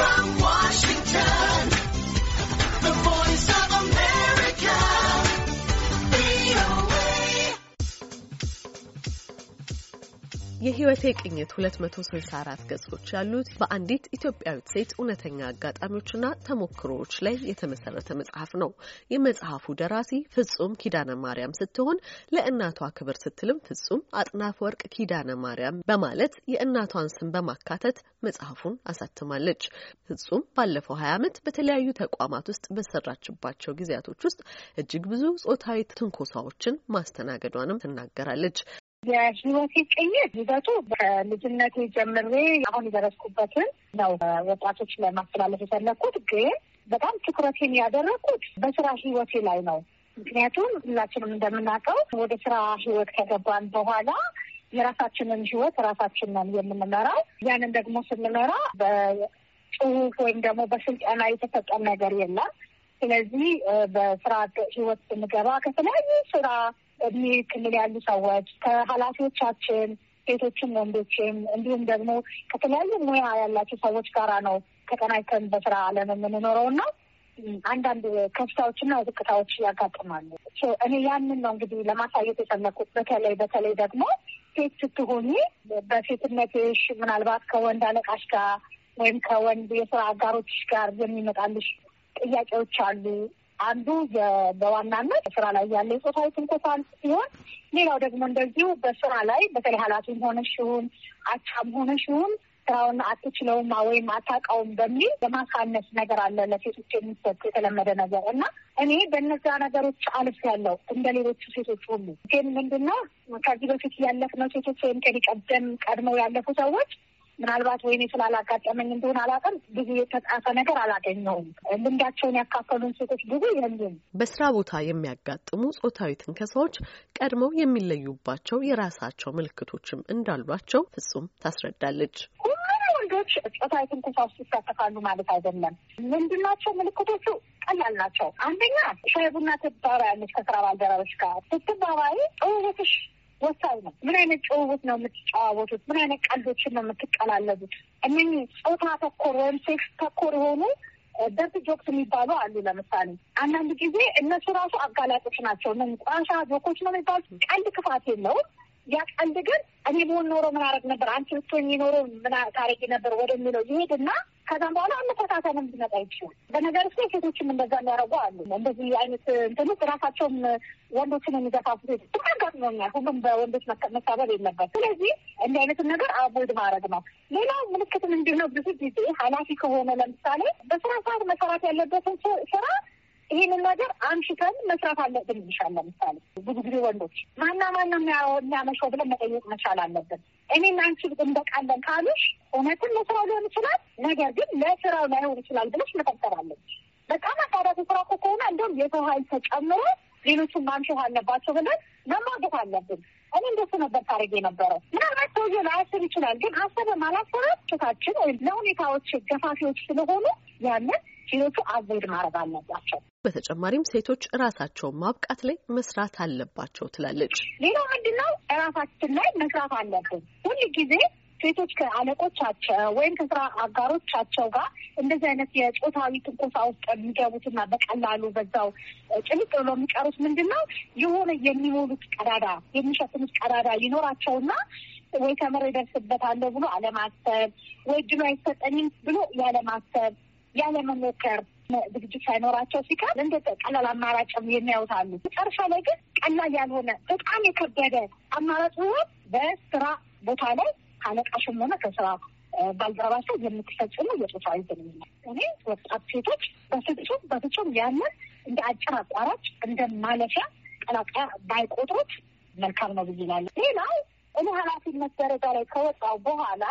go. የህይወቴ ቅኝት 264 ገጾች ያሉት በአንዲት ኢትዮጵያዊት ሴት እውነተኛ አጋጣሚዎችና ተሞክሮዎች ላይ የተመሰረተ መጽሐፍ ነው። የመጽሐፉ ደራሲ ፍጹም ኪዳነ ማርያም ስትሆን ለእናቷ ክብር ስትልም ፍጹም አጥናፍ ወርቅ ኪዳነ ማርያም በማለት የእናቷን ስም በማካተት መጽሐፉን አሳትማለች። ፍጹም ባለፈው 20 ዓመት በተለያዩ ተቋማት ውስጥ በሰራችባቸው ጊዜያቶች ውስጥ እጅግ ብዙ ጾታዊ ትንኮሳዎችን ማስተናገዷንም ትናገራለች። የህይወቴ ቅኝት ሂደቱ ከልጅነቴ ጀምሬ አሁን የደረስኩበትን ነው ወጣቶች ላይ ማስተላለፍ የፈለግኩት። ግን በጣም ትኩረቴን ያደረግኩት በስራ ህይወቴ ላይ ነው። ምክንያቱም ሁላችንም እንደምናውቀው ወደ ስራ ህይወት ከገባን በኋላ የራሳችንን ህይወት ራሳችንን የምንመራው ያንን ደግሞ ስንመራ በጽሁፍ ወይም ደግሞ በስልጠና የተሰጠን ነገር የለም። ስለዚህ በስራ ህይወት ስንገባ ከተለያዩ ስራ እድሜ ክልል ያሉ ሰዎች ከኃላፊዎቻችን ሴቶችም ወንዶችም እንዲሁም ደግሞ ከተለያዩ ሙያ ያላቸው ሰዎች ጋራ ነው ተቀናይተን በስራ አለም የምንኖረው እና አንዳንድ ከፍታዎችና ዝቅታዎች ያጋጥማሉ። እኔ ያንን ነው እንግዲህ ለማሳየት የፈለኩት። በተለይ በተለይ ደግሞ ሴት ስትሆኚ በሴትነትሽ ምናልባት ከወንድ አለቃሽ ጋር ወይም ከወንድ የስራ አጋሮችሽ ጋር የሚመጣልሽ ጥያቄዎች አሉ። አንዱ በዋናነት ስራ ላይ ያለ የጾታዊ ትንኮሳን ሲሆን ሌላው ደግሞ እንደዚሁ በስራ ላይ በተለይ ኃላፊም ሆነሽውን አቻም ሆነሽውን ስራውን አትችለውማ ወይም አታውቀውም በሚል የማሳነስ ነገር አለ ለሴቶች የሚሰጥ የተለመደ ነገር እና እኔ በእነዚያ ነገሮች አልፍ ያለው እንደ ሌሎቹ ሴቶች ሁሉ ግን ምንድነው ከዚህ በፊት ያለፍነው ሴቶች ወይም ከዚህ ቀደም ቀድመው ያለፉ ሰዎች ምናልባት ወይኔ ስላላጋጠመኝ እንደሆነ አላውቅም፣ ብዙ የተጻፈ ነገር አላገኘውም። ልምዳቸውን ያካፈሉን ሴቶች ብዙ የሉም። በስራ ቦታ የሚያጋጥሙ ጾታዊ ትንከሳዎች ቀድመው የሚለዩባቸው የራሳቸው ምልክቶችም እንዳሏቸው ፍጹም ታስረዳለች። ወንዶች ጾታዊ ትንከሳ ውስጥ ይሳተፋሉ ማለት አይደለም። ምንድናቸው ምልክቶቹ? ቀላል ናቸው። አንደኛ ሻይ ቡና ትባባያለች ከስራ ባልደረቦች ጋር ስትባባይ ጥሩ ቤትሽ ወሳኝ ነው። ምን አይነት ጭውውት ነው የምትጫዋወቱት? ምን አይነት ቀልዶችን ነው የምትቀላለቡት? እነኚህ ጾታ ተኮር ወይም ሴክስ ተኮር የሆኑ ደርት ጆክስ የሚባሉ አሉ። ለምሳሌ አንዳንድ ጊዜ እነሱ ራሱ አጋላጮች ናቸው። ቋሻ ቋንሻ ጆኮች ነው የሚባሉት። ቀልድ ክፋት የለውም ያ ቀልድ ግን እኔ በሆን ኖሮ ምን አረግ ነበር፣ አንቺ ብትሆኝ ኖሮ ምን ታረጊ ነበር ወደሚለው ይሄድና ከዛም በኋላ አመተሳሰብም ሊመጣ ይችላል። በነገር ስ ሴቶችም እንደዛ የሚያደርጉ አሉ። እንደዚህ አይነት እንትኖች ራሳቸውም ወንዶችን የሚገፋፉ ሴቶች አጋጥሞኛል። ሁሉም በወንዶች መሳበብ የለበት። ስለዚህ እንዲህ አይነትን ነገር አቦይድ ማድረግ ነው። ሌላው ምልክትም እንዲህ ነው። ብዙ ጊዜ ኃላፊ ከሆነ ለምሳሌ በስራ ሰዓት መሰራት ያለበትን ስራ ይሄንን ነገር አንሽተን መስራት አለብን ይሻል። ለምሳሌ ብዙ ጊዜ ወንዶች ማና ማና የሚያመሸው ብለን መጠየቅ መቻል አለብን። እኔና አንቺ እንበቃለን ካሉሽ እውነትን ለስራው ሊሆን ይችላል፣ ነገር ግን ለስራው ላይሆን ይችላል ብለሽ መጠጠር አለብሽ። በጣም አሳዳፊ ስራ እኮ ከሆነ እንደውም የሰው ኃይል ተጨምሮ ሌሎቹን ማምሸት አለባቸው ብለን መማገት አለብን። እኔ እንደሱ ነበር ታደርግ የነበረው። ምናልባት ሰውዬው ላያስብ ይችላል፣ ግን አሰበ ማላሰበ ችታችን ወይም ለሁኔታዎች ገፋፊዎች ስለሆኑ ያንን ሌሎቹ አቮይድ ማድረግ አለባቸው። በተጨማሪም ሴቶች ራሳቸውን ማብቃት ላይ መስራት አለባቸው ትላለች። ሌላው ምንድን ነው? ራሳችን ላይ መስራት አለብን። ሁል ጊዜ ሴቶች ከአለቆቻቸው ወይም ከስራ አጋሮቻቸው ጋር እንደዚህ አይነት የጾታዊ ትንኮሳ ውስጥ የሚገቡትና በቀላሉ በዛው ጭልጥ ብሎ የሚቀሩት ምንድን ነው? የሆነ የሚሞሉት ቀዳዳ የሚሸፍኑት ቀዳዳ ይኖራቸውና ወይ ከመር ይደርስበታለሁ ብሎ አለማሰብ፣ ወይ ድሎ አይሰጠኝም ብሎ ያለማሰብ፣ ያለመሞከር ዝግጅት ሳይኖራቸው ሲቀር እንደ ቀላል አማራጭም የሚያውታሉ። መጨረሻ ላይ ግን ቀላል ያልሆነ በጣም የከበደ አማራጭ ሆን በስራ ቦታ ላይ ካለቃሽም ሆነ ከስራ ባልደረባቸው የምትፈጽሙ የጾታዊ ግንኙነት እኔ ወጣት ሴቶች በፍጹም በፍጹም ያንን እንደ አጭር አቋራጭ እንደ ማለፊያ ቀላቀያ ባይቆጥሩት መልካም ነው ብዬ እላለሁ። ሌላው እኔ ኃላፊነት ደረጃ ላይ ከወጣው በኋላ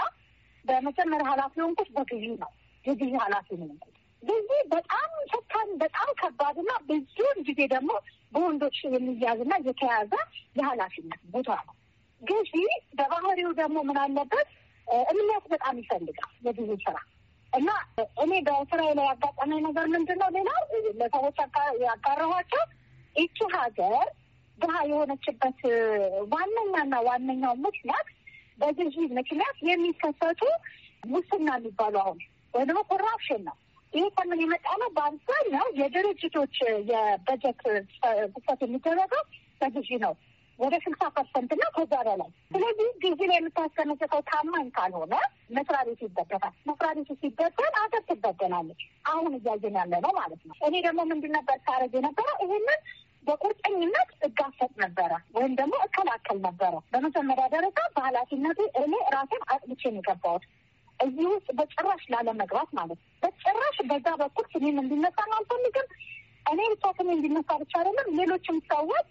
በመጀመሪያ ኃላፊ ሆንኩት በጊዜ ነው የጊዜ ኃላፊ ሆንኩት በዚህ በጣም ፈታን በጣም ከባድና ብዙውን ጊዜ ደግሞ በወንዶች የሚያዝና የተያዘ የኃላፊነት ቦታ ነው። ገዢ በባህሪው ደግሞ ምን አለበት እምነት በጣም ይፈልጋል የብዙ ስራ እና እኔ በስራዬ ላይ ያጋጠመኝ ነገር ምንድን ነው? ሌላ ለሰዎች ያጋረኋቸው ይቺ ሀገር ድሀ የሆነችበት ዋነኛና ዋነኛው ምክንያት በግዢ ምክንያት የሚከሰቱ ሙስና የሚባሉ አሁን ወይ ደግሞ ኮራፕሽን ነው። ይህ ከምን የመጣ ነው? በአብዛኛው የድርጅቶች የበጀት ጉፈት የሚደረገው በግዢ ነው ወደ ስልሳ ፐርሰንት እና ከዛ በላይ። ስለዚህ ጊዜ ላይ የምታስቀምጠው ታማኝ ካልሆነ መስሪያ ቤቱ ይበደላል። መስሪያ ቤቱ ሲበደል አገር ትበደናለች። አሁን እያየን ያለ ነው ማለት ነው። እኔ ደግሞ ምንድን ነበር ሳረግ የነበረው ይህንን በቁርጠኝነት እጋፈጥ ነበረ ወይም ደግሞ እከላከል ነበረ። በመጀመሪያ ደረጃ በኃላፊነቱ እኔ ራሴን አጥብቼ ነው የገባሁት። እዚህ ውስጥ በጭራሽ ላለመግባት ማለት ነው። በጭራሽ በዛ በኩል ስሜም እንዲነሳ ነው አልፈልግም። እኔ ብቻ ስሜ እንዲነሳ ብቻ አይደለም፣ ሌሎችም ሰዎች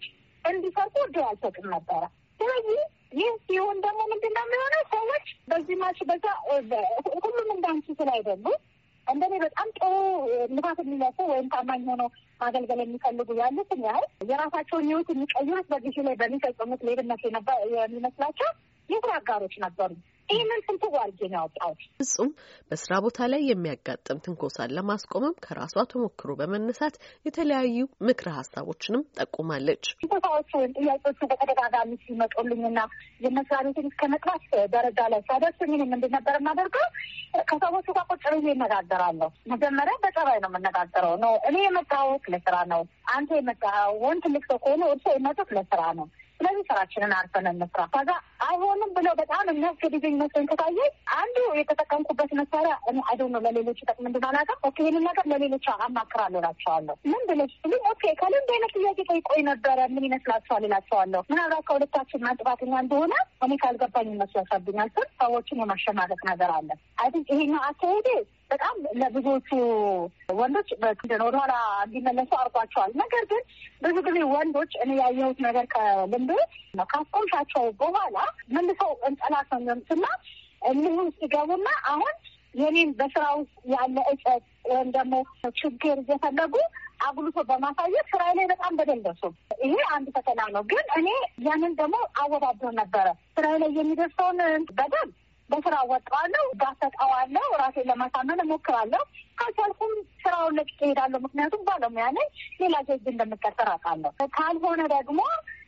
እንዲሰርቁ እድል አልሰጥም ነበረ። ስለዚህ ይህ ሲሆን ደግሞ ምንድን ነው የሚሆነው? ሰዎች በዚህ ማች በዛ ሁሉም እንዳንቺ ስላይደሉ እንደኔ በጣም ጥሩ ልፋት የሚለፉ ወይም ታማኝ ሆኖ ማገልገል የሚፈልጉ ያሉትን ያህል የራሳቸውን ህይወት የሚቀይሩት በጊዜ ላይ በሚፈጽሙት ሌብነት የሚመስላቸው የስራ አጋሮች ነበሩ። ይህንን ፍንትው አድርጌ ነው ያወጣሁት። ፍጹም በስራ ቦታ ላይ የሚያጋጥም ትንኮሳን ለማስቆምም ከራሷ ተሞክሮ በመነሳት የተለያዩ ምክረ ሀሳቦችንም ጠቁማለች። ትንኮሳዎቹ ወይም ጥያቄዎቹ በተደጋጋሚ ሲመጡልኝና የመስሪያ ቤትን እስከመጥራት ደረጃ ላይ ሳደርስ ይህን እንድነበር የማደርገው ከሰዎቹ ጋር ቁጭ ብዬ እነጋገራለሁ። መጀመሪያ በጸባይ ነው የምነጋገረው ነው እኔ የመጣሁት ለስራ ነው። አንተ የመጣ ወንድ ልክ ሰው ከሆነ እርሶ የመጡት ለስራ ነው ስለዚህ ስራችንን አርፈን እንስራ። ከዛ አይሆንም ብለው በጣም የሚያስገድደኝ መስሎኝ ከታየ አንዱ የተጠቀምኩበት መሳሪያ አይደ ነው ለሌሎች ጠቅም እንድናናቀር ኦኬ፣ ይህንን ነገር ለሌሎች አማክራለሁ እላቸዋለሁ። ምን ብለሽ ስሉ ኦኬ፣ ከልንድ አይነት ጥያቄ ጠይቆኝ ነበረ ምን ይመስላቸዋል እላቸዋለሁ። ምናልባት ከሁለታችን ማጥፋተኛ እንደሆነ እኔ ካልገባኝ እነሱ ያሳብኛል ስል ሰዎችን የማሸማቀቅ ነገር አለ። አይ ቲንክ ይሄኛው አካሄዴ በጣም ለብዙዎቹ ወንዶች ወደኋላ እንዲመለሱ አርጓቸዋል። ነገር ግን ብዙ ጊዜ ወንዶች እኔ ያየሁት ነገር ከልምድ ካስቆምሻቸው በኋላ መልሰው እንጠላት ነው የሚሆኑትና እልህ ውስጥ ሲገቡና አሁን የኔን በስራ ውስጥ ያለ እጨት ወይም ደግሞ ችግር እየፈለጉ አጉልቶ በማሳየት ስራ ላይ በጣም በደለሱ። ይሄ አንድ ፈተና ነው። ግን እኔ ያንን ደግሞ አወዳደር ነበረ ስራ ላይ የሚደርሰውን በደል በስራ ወጣዋለሁ፣ ጋሰጠዋለሁ፣ ራሴን ለማሳመን እሞክራለሁ። ካልቻልኩም ስራውን ለቅቄ እሄዳለሁ። ምክንያቱም ባለሙያ ነኝ። ሌላ ጀጅ እንደምቀጠር አውቃለሁ። ካልሆነ ደግሞ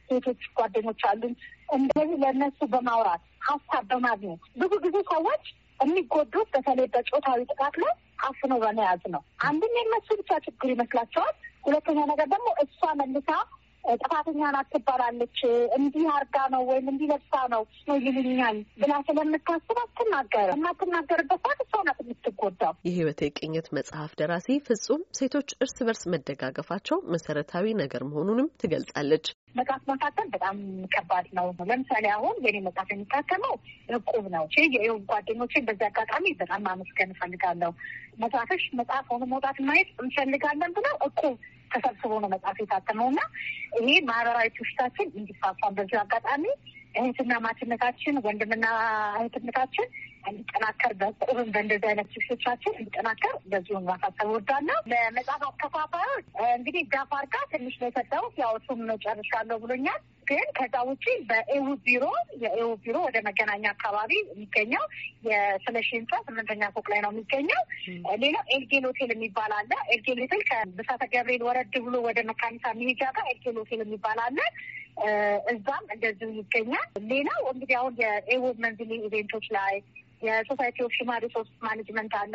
ሴቶች ጓደኞች አሉኝ። እንደዚህ ለእነሱ በማውራት ሀሳብ በማግኘት ብዙ ጊዜ ሰዎች የሚጎዱት በተለይ በጾታዊ ጥቃት ላይ አፍኖ በመያዝ ነው። አንድም የነሱ ብቻ ችግር ይመስላቸዋል። ሁለተኛ ነገር ደግሞ እሷ መልሳ ጥፋተኛ ናት ትባላለች፣ እንዲህ አርጋ ነው ወይም እንዲህ ለብሳ ነው ነው ይሉኛል ብላ ስለምታስብ አትናገር የማትናገርበት ሰዓት እሷ ናት የምትጎዳው። የህይወት የቅኝት መጽሐፍ ደራሲ ፍጹም ሴቶች እርስ በርስ መደጋገፋቸው መሰረታዊ ነገር መሆኑንም ትገልጻለች። መጽሐፍ ማሳተም በጣም ከባድ ነው። ለምሳሌ አሁን የኔ መጽሐፍ የሚታተመው እቁብ ነው። የው ጓደኞቼን በዚህ አጋጣሚ በጣም ማመስገን እፈልጋለሁ። መጽሐፍሽ መጽሐፍ ሆኖ መውጣት ማየት እንፈልጋለን ብለው እቁብ ተሰብስቦ ነው መጽሐፍ የታተመው እና ይሄ ማህበራዊ ትውሽታችን እንዲፋፋ በዚህ አጋጣሚ እህትና ማትነታችን ወንድምና እህትነታችን እንዲጠናከር በቁብም በእንደዚህ አይነት ሽሾቻችን እንዲጠናከር በዚሁም ማሳሰብ ወዳለው ለመጽሐፍ አከፋፋዮች እንግዲህ ዳፋር ጋር ትንሽ ነው የሰጠሁት፣ ያው እሱም ነው ጨርሻለሁ ብሎኛል። ግን ከዛ ውጪ በኤው ቢሮ የኤው ቢሮ ወደ መገናኛ አካባቢ የሚገኘው የስለሺ ህንፃ ስምንተኛ ፎቅ ላይ ነው የሚገኘው። ሌላው ኤልጌል ሆቴል የሚባል አለ። ኤልጌል ሆቴል ከብሳተ ገብርኤል ወረድ ብሎ ወደ መካኒሳ መሄጃ ጋር ኤልጌል ሆቴል የሚባል አለ። እዛም እንደዚሁ ይገኛል። ሌላው እንግዲህ አሁን የኤውብ መንዝሊ ኢቬንቶች ላይ የሶሳይቲ ኦፍ ሽማ ሪሶርስ ማኔጅመንት አለ።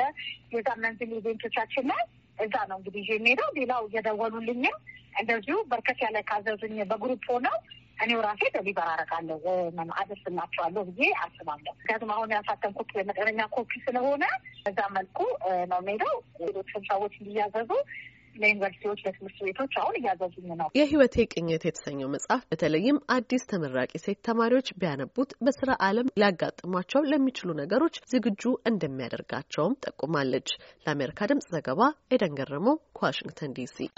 የዛ መንዝሊ ኢቬንቶቻችን ላይ እዛ ነው እንግዲህ ይዤ ሌላው እየደወሉልኝም እንደዚሁ በርከት ያለ ካዘዙኝ በግሩፕ ሆነው እኔው ራሴ ደሊቨር አደርጋለሁ አደርስላቸዋለሁ ብዬ አስባለሁ። ምክንያቱም አሁን ያሳተምኩት የመጠነኛ ኮፒ ስለሆነ በዛ መልኩ ነው የምሄደው። ሌሎችም ሰዎች እንዲያዘዙ ለዩኒቨርሲቲዎች፣ ለትምህርት ቤቶች አሁን እያዘዙን ነው። የህይወቴ ቅኝት የተሰኘው መጽሐፍ በተለይም አዲስ ተመራቂ ሴት ተማሪዎች ቢያነቡት በስራ ዓለም ሊያጋጥሟቸው ለሚችሉ ነገሮች ዝግጁ እንደሚያደርጋቸውም ጠቁማለች። ለአሜሪካ ድምጽ ዘገባ ኤደን ገረመው ከዋሽንግተን ዲሲ